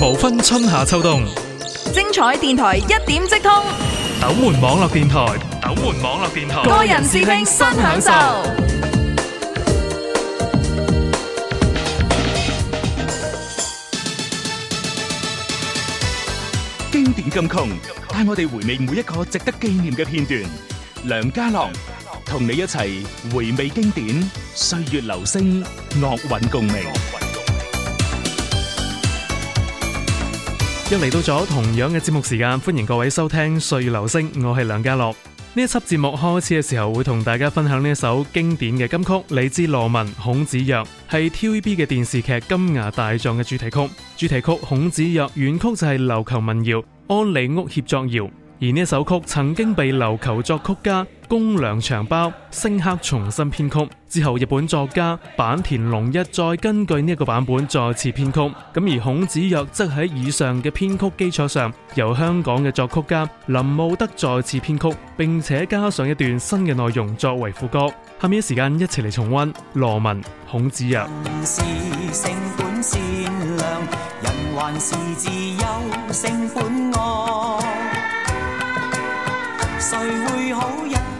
無分春夏秋冬，精彩電台一點即通。斗門網絡電台，斗門網絡電台，個人視聽，新享受。經典金曲，帶我哋回味每一個值得紀念嘅片段。梁家朗同你一齊回味經典，歲月留聲，樂韻共鳴。又嚟到咗同樣嘅節目時間，歡迎各位收聽《歲月留聲》，我係梁家樂。呢一輯節目開始嘅時候，會同大家分享呢一首經典嘅金曲《你知羅文孔子曰》，係 TVB 嘅電視劇《金牙大狀》嘅主題曲。主題曲《孔子曰》原曲就係琉球民謠《安里屋協作謠》，而呢一首曲曾經被琉球作曲家，公良長包、星克重新編曲之後，日本作家坂田龍一再根據呢一個版本再次編曲。咁而孔子曰則喺以上嘅編曲基礎上，由香港嘅作曲家林慕德再次編曲，並且加上一段新嘅內容作為副歌。下面一時間一齊嚟重溫羅文、孔子曰。人是性本善良，人還是自幼性本惡，誰會好人？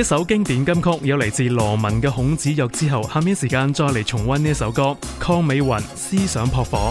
一首經典金曲，有嚟自羅文嘅《孔子曰》之後，下面時間再嚟重溫呢一首歌，《鄺美雲思想撲火》。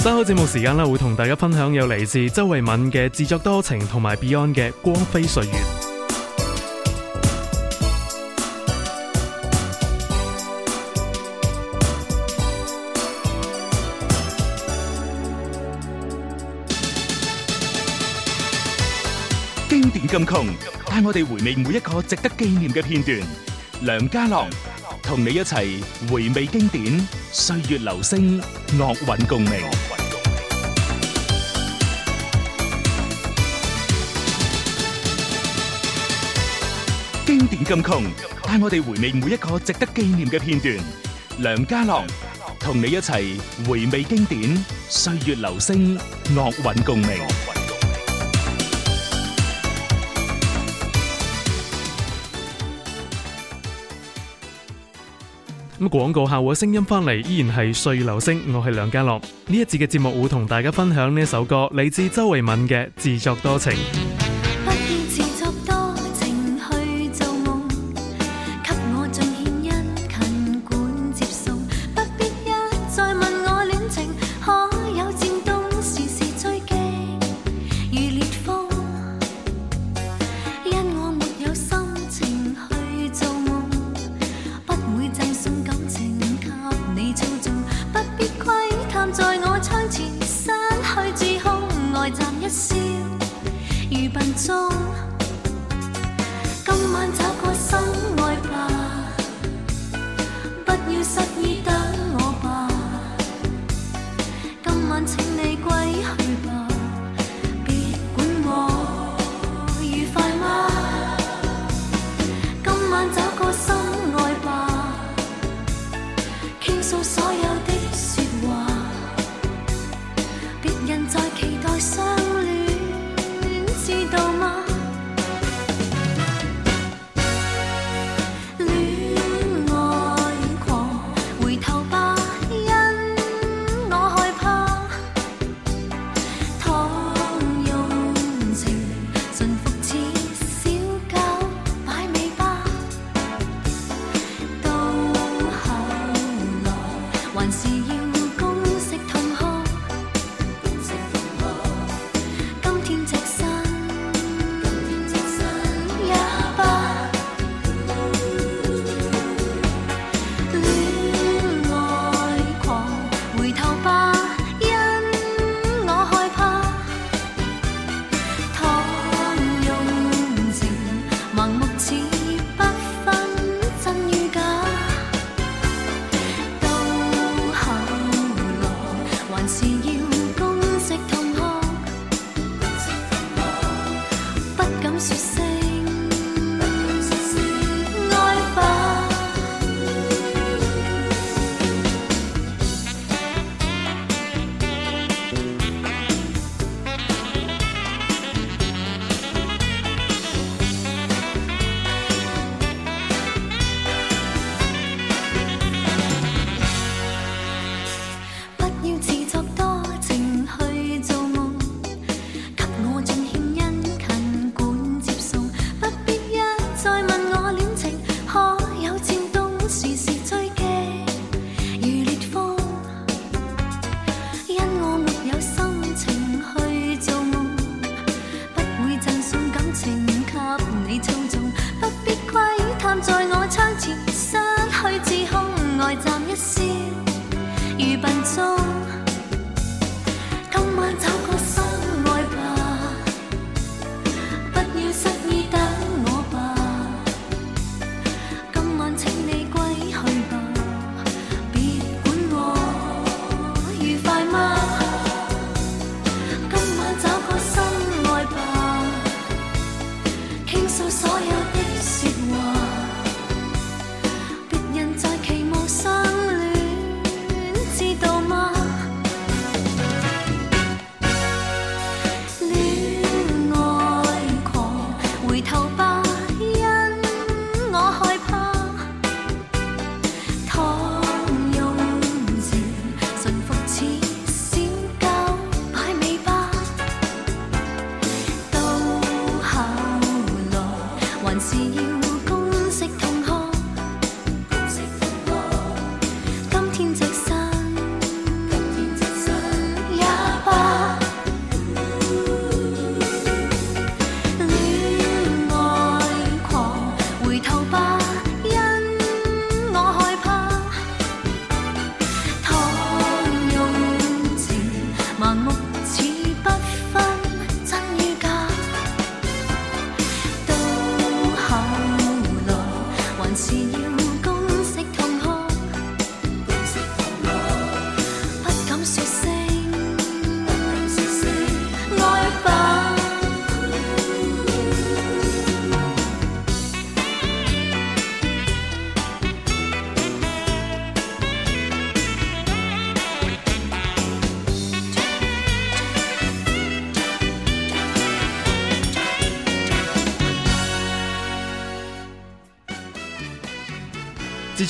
新收節目時間啦，會同大家分享有嚟自周慧敏嘅《自作多情》同埋 Beyond 嘅《光輝歲月》。經典金曲帶我哋回味每一個值得紀念嘅片段。梁家樂同你一齊回味經典，歲月留聲，樂韻共鳴。經典金曲，帶我哋回味每一個值得紀念嘅片段。梁家樂同你一齊回味經典，歲月留聲，樂韻共鳴。咁廣告後嘅聲音翻嚟，依然係歲月留聲。我係梁家樂，呢一節嘅節目會同大家分享呢首歌，嚟自周慧敏嘅《自作多情》。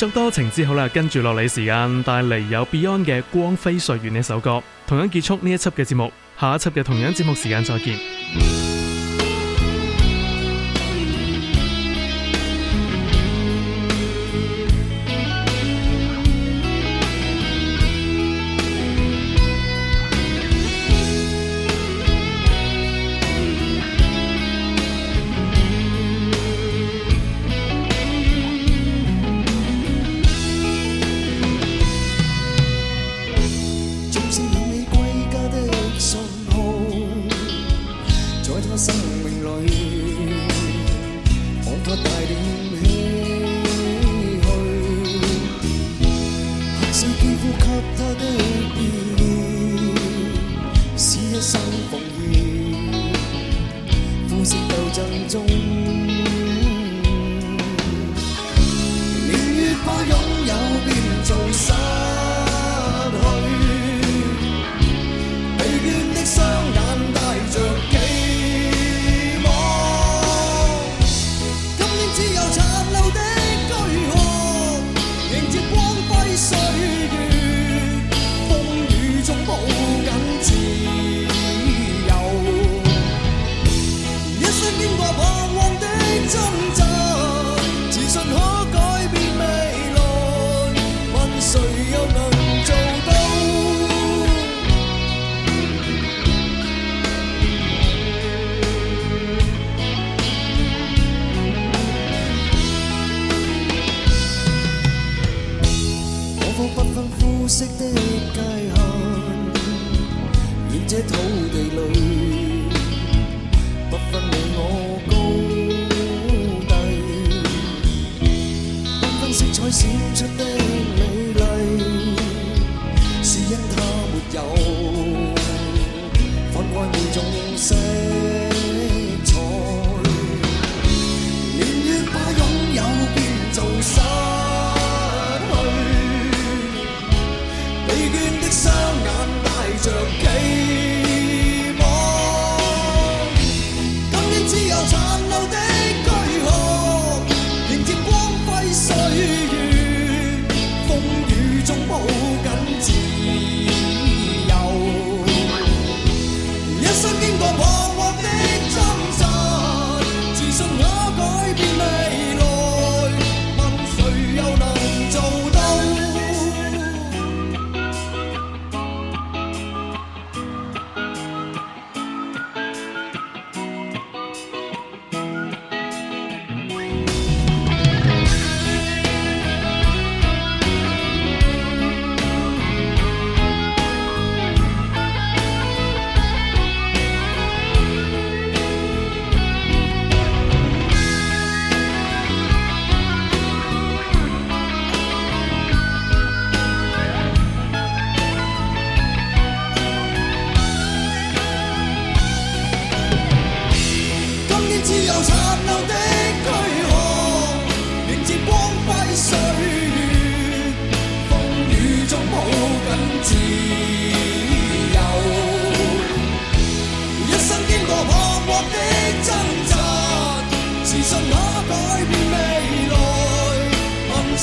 作多情之後啦，跟住落嚟時間帶嚟有 Beyond 嘅《光輝歲月》呢一首歌，同樣結束呢一輯嘅節目，下一輯嘅同樣節目時間再見。生命裏。土地裏。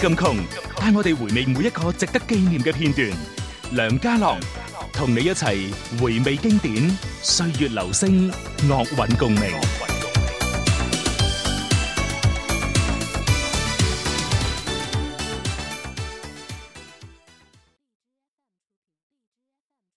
咁窮，帶我哋回味每一個值得紀念嘅片段。梁家朗同你一齊回味經典，歲月留聲，樂韻共鳴。